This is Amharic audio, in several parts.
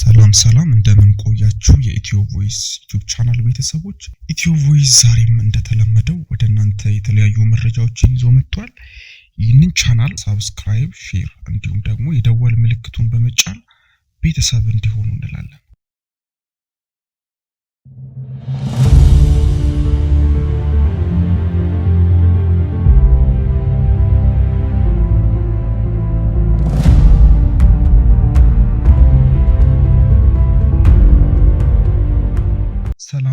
ሰላም ሰላም እንደምን ቆያችሁ የኢትዮ ቮይስ ዩቲዩብ ቻናል ቤተሰቦች። ኢትዮ ቮይስ ዛሬም እንደተለመደው ወደ እናንተ የተለያዩ መረጃዎችን ይዞ መጥቷል። ይህንን ቻናል ሳብስክራይብ፣ ሼር እንዲሁም ደግሞ የደወል ምልክቱን በመጫን ቤተሰብ እንዲሆኑ እንላለን።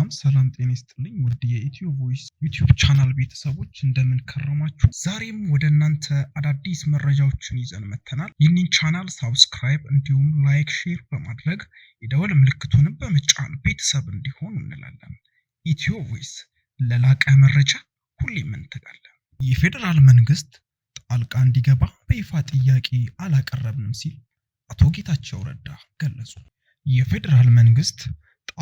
ሰላም ሰላም፣ ጤና ይስጥልኝ ውድ የኢትዮ ቮይስ ዩቲዩብ ቻናል ቤተሰቦች እንደምን ከረማችሁ? ዛሬም ወደ እናንተ አዳዲስ መረጃዎችን ይዘን መጥተናል። ይህንን ቻናል ሳብስክራይብ እንዲሁም ላይክ፣ ሼር በማድረግ የደወል ምልክቱንም በመጫን ቤተሰብ እንዲሆን እንላለን። ኢትዮ ቮይስ ለላቀ መረጃ ሁሌም እንተጋለን። የፌዴራል መንግስት ጣልቃ እንዲገባ በይፋ ጥያቄ አላቀረብንም ሲል አቶ ጌታቸው ረዳ ገለጹ። የፌዴራል መንግስት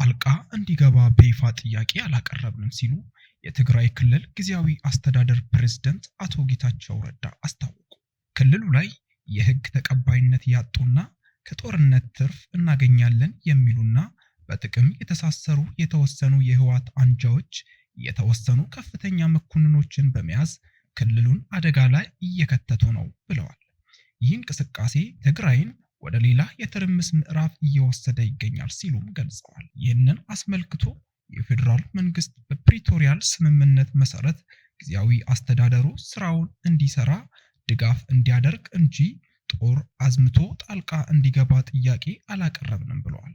ጣልቃ እንዲገባ በይፋ ጥያቄ አላቀረብንም ሲሉ የትግራይ ክልል ጊዜያዊ አስተዳደር ፕሬዝደንት አቶ ጌታቸው ረዳ አስታወቁ። ክልሉ ላይ የሕግ ተቀባይነት ያጡና ከጦርነት ትርፍ እናገኛለን የሚሉና በጥቅም የተሳሰሩ የተወሰኑ የህወሓት አንጃዎች የተወሰኑ ከፍተኛ መኮንኖችን በመያዝ ክልሉን አደጋ ላይ እየከተቱ ነው ብለዋል። ይህ እንቅስቃሴ ትግራይን ወደ ሌላ የትርምስ ምዕራፍ እየወሰደ ይገኛል ሲሉም ገልጸዋል። ይህንን አስመልክቶ የፌዴራል መንግስት በፕሪቶሪያል ስምምነት መሰረት ጊዜያዊ አስተዳደሩ ስራውን እንዲሰራ ድጋፍ እንዲያደርግ እንጂ ጦር አዝምቶ ጣልቃ እንዲገባ ጥያቄ አላቀረብንም ብለዋል።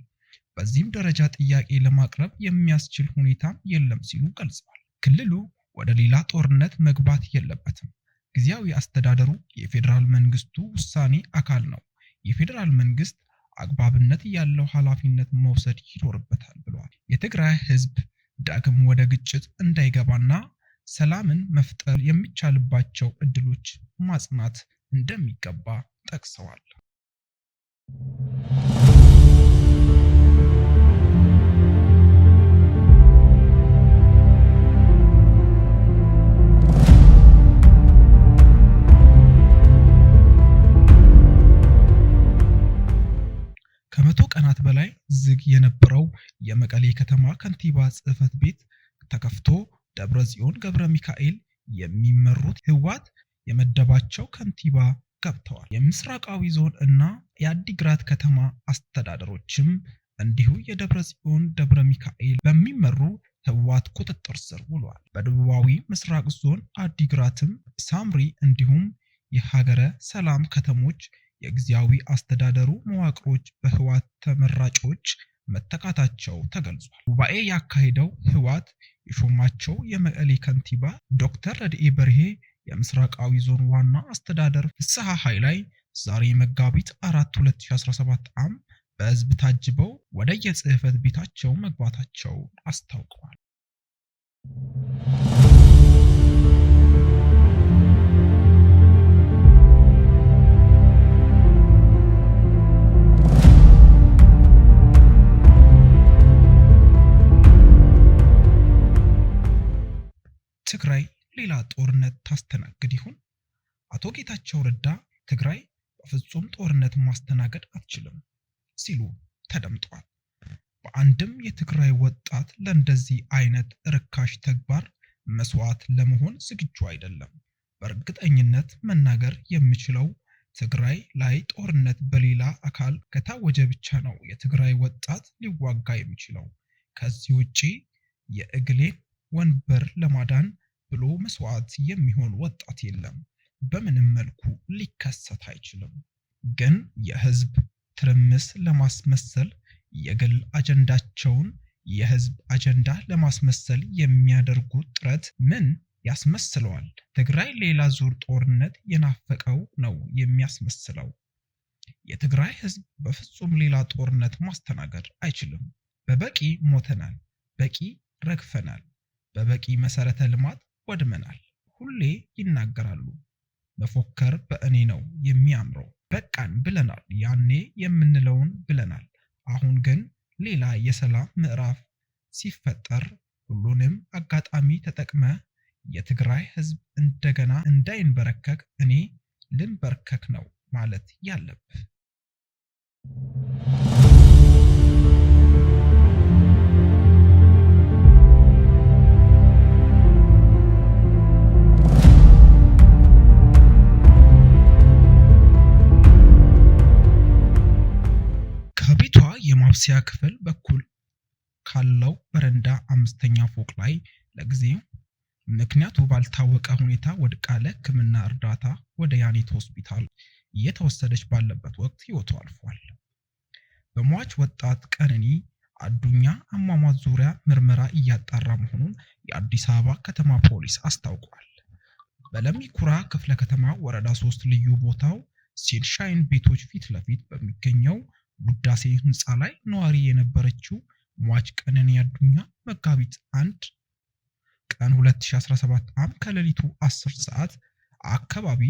በዚህም ደረጃ ጥያቄ ለማቅረብ የሚያስችል ሁኔታም የለም ሲሉ ገልጸዋል። ክልሉ ወደ ሌላ ጦርነት መግባት የለበትም። ጊዜያዊ አስተዳደሩ የፌዴራል መንግስቱ ውሳኔ አካል ነው። የፌዴራል መንግስት አግባብነት ያለው ኃላፊነት መውሰድ ይኖርበታል ብለዋል። የትግራይ ህዝብ ዳግም ወደ ግጭት እንዳይገባና ሰላምን መፍጠር የሚቻልባቸው እድሎች ማጽናት እንደሚገባ ጠቅሰዋል። ህወሓት ጽህፈት ቤት ተከፍቶ ደብረ ጽዮን ገብረ ሚካኤል የሚመሩት ህወሓት የመደባቸው ከንቲባ ገብተዋል። የምስራቃዊ ዞን እና የአዲግራት ከተማ አስተዳደሮችም እንዲሁ የደብረ ጽዮን ደብረ ሚካኤል በሚመሩ ህወሓት ቁጥጥር ስር ውሏል። በደቡባዊ ምስራቅ ዞን አዲግራትም ሳምሪ እንዲሁም የሀገረ ሰላም ከተሞች የጊዜያዊ አስተዳደሩ መዋቅሮች በህወሓት ተመራጮች መተካታቸው ተገልጿል። ጉባኤ ያካሄደው ህወሓት የሾማቸው የመቀሌ ከንቲባ ዶክተር ረድኤ በርሄ የምስራቃዊ ዞን ዋና አስተዳደር ፍስሐ ላይ ዛሬ መጋቢት 4 2017 ዓ.ም በህዝብ ታጅበው ወደ የጽህፈት ቤታቸው መግባታቸው አስታውቀዋል። ሌላ ጦርነት ታስተናግድ ይሆን? አቶ ጌታቸው ረዳ ትግራይ በፍጹም ጦርነት ማስተናገድ አትችልም ሲሉ ተደምጧል። በአንድም የትግራይ ወጣት ለእንደዚህ አይነት ርካሽ ተግባር መስዋዕት ለመሆን ዝግጁ አይደለም። በእርግጠኝነት መናገር የምችለው ትግራይ ላይ ጦርነት በሌላ አካል ከታወጀ ብቻ ነው የትግራይ ወጣት ሊዋጋ የሚችለው። ከዚህ ውጪ የእግሌን ወንበር ለማዳን ብሎ መስዋዕት የሚሆን ወጣት የለም። በምንም መልኩ ሊከሰት አይችልም። ግን የህዝብ ትርምስ ለማስመሰል የግል አጀንዳቸውን የህዝብ አጀንዳ ለማስመሰል የሚያደርጉት ጥረት ምን ያስመስለዋል? ትግራይ ሌላ ዙር ጦርነት የናፈቀው ነው የሚያስመስለው። የትግራይ ህዝብ በፍጹም ሌላ ጦርነት ማስተናገድ አይችልም። በበቂ ሞተናል፣ በቂ ረግፈናል፣ በበቂ መሰረተ ልማት ወድመናል። ሁሌ ይናገራሉ። መፎከር በእኔ ነው የሚያምረው። በቃን ብለናል። ያኔ የምንለውን ብለናል። አሁን ግን ሌላ የሰላም ምዕራፍ ሲፈጠር ሁሉንም አጋጣሚ ተጠቅመ የትግራይ ህዝብ እንደገና እንዳይንበረከክ እኔ ልንበርከክ ነው ማለት ያለብህ ማብሰያ ክፍል በኩል ካለው በረንዳ አምስተኛ ፎቅ ላይ ለጊዜው ምክንያቱ ባልታወቀ ሁኔታ ወድቃ ለሕክምና እርዳታ ወደ ያኔት ሆስፒታል እየተወሰደች ባለበት ወቅት ህይወቱ አልፏል። በሟች ወጣት ቀነኒ አዱኛ አሟሟት ዙሪያ ምርመራ እያጣራ መሆኑን የአዲስ አበባ ከተማ ፖሊስ አስታውቋል። በለሚ ኩራ ክፍለ ከተማ ወረዳ ሶስት ልዩ ቦታው ሴንሻይን ቤቶች ፊት ለፊት በሚገኘው ውዳሴ ህንፃ ላይ ነዋሪ የነበረችው ሟች ቀነኒ አዱኛ መጋቢት አንድ ቀን 2017 ዓ.ም ከሌሊቱ 10 ሰዓት አካባቢ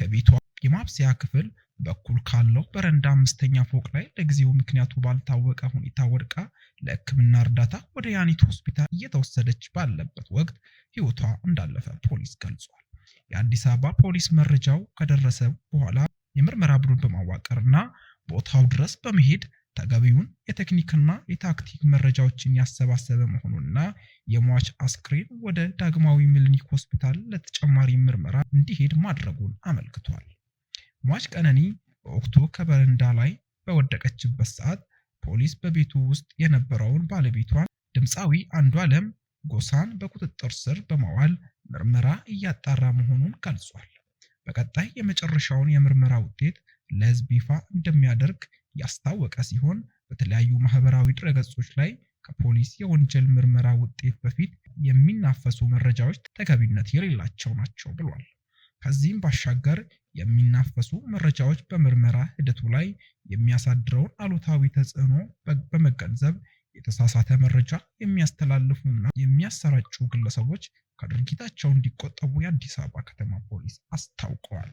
ከቤቷ የማብሰያ ክፍል በኩል ካለው በረንዳ አምስተኛ ፎቅ ላይ ለጊዜው ምክንያቱ ባልታወቀ ሁኔታ ወድቃ ለሕክምና እርዳታ ወደ ያኔት ሆስፒታል እየተወሰደች ባለበት ወቅት ህይወቷ እንዳለፈ ፖሊስ ገልጿል። የአዲስ አበባ ፖሊስ መረጃው ከደረሰ በኋላ የምርመራ ቡድን በማዋቀር እና ቦታው ድረስ በመሄድ ተገቢውን የቴክኒክና የታክቲክ መረጃዎችን ያሰባሰበ መሆኑና የሟች አስክሬን ወደ ዳግማዊ ምኒልክ ሆስፒታል ለተጨማሪ ምርመራ እንዲሄድ ማድረጉን አመልክቷል። ሟች ቀነኒ በወቅቱ ከበረንዳ ላይ በወደቀችበት ሰዓት ፖሊስ በቤቱ ውስጥ የነበረውን ባለቤቷን ድምፃዊ አንዷለም ጎሳን በቁጥጥር ስር በማዋል ምርመራ እያጣራ መሆኑን ገልጿል። በቀጣይ የመጨረሻውን የምርመራ ውጤት ለህዝብ ይፋ እንደሚያደርግ ያስታወቀ ሲሆን በተለያዩ ማህበራዊ ድረገጾች ላይ ከፖሊስ የወንጀል ምርመራ ውጤት በፊት የሚናፈሱ መረጃዎች ተገቢነት የሌላቸው ናቸው ብሏል። ከዚህም ባሻገር የሚናፈሱ መረጃዎች በምርመራ ሂደቱ ላይ የሚያሳድረውን አሉታዊ ተጽዕኖ በመገንዘብ የተሳሳተ መረጃ የሚያስተላልፉና የሚያሰራጩ ግለሰቦች ከድርጊታቸው እንዲቆጠቡ የአዲስ አበባ ከተማ ፖሊስ አስታውቀዋል።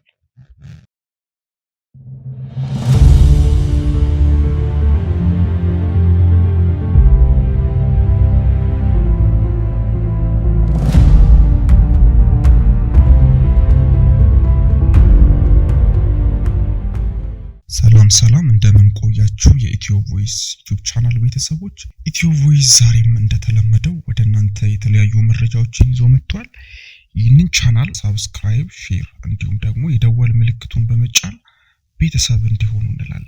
ሰላም ሰላም እንደምን ቆያችሁ የኢትዮ ቮይስ ዩቲዩብ ቻናል ቤተሰቦች። ኢትዮ ቮይስ ዛሬም እንደተለመደው ወደ እናንተ የተለያዩ መረጃዎችን ይዞ መጥቷል። ይህንን ቻናል ሳብስክራይብ፣ ሼር እንዲሁም ደግሞ የደወል ምልክቱን በመጫን ቤተሰብ እንዲሆኑ እንላለን።